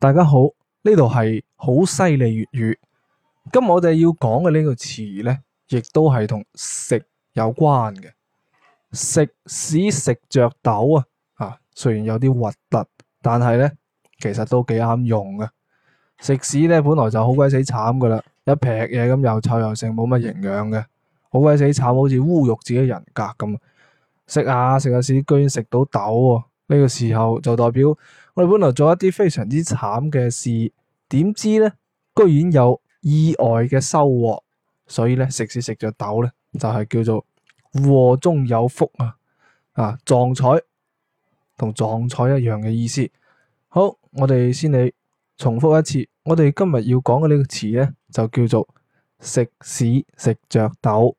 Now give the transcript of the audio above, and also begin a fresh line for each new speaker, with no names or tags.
大家好，呢度係好犀利粵語。今日我哋要講嘅呢個詞呢，亦都係同食有關嘅。食屎食着豆啊！吓、啊，雖然有啲核突，但係呢其實都幾啱用嘅。食屎呢，本來就好鬼死慘㗎喇，一劈嘢咁又臭又剩，冇乜營養嘅，好鬼死慘，好似侮辱自己人格咁。食下、啊，食下、啊、屎，居然食到豆喎、啊！呢個時候就代表我哋本來做一啲非常之慘嘅事，點知呢？居然有意外嘅收穫，所以呢，「食屎食着豆」呢，就係叫做禍中有福啊！啊撞彩同撞彩一樣嘅意思。好，我哋先嚟重複一次，我哋今日要講嘅呢個詞呢，就叫做食屎食着豆。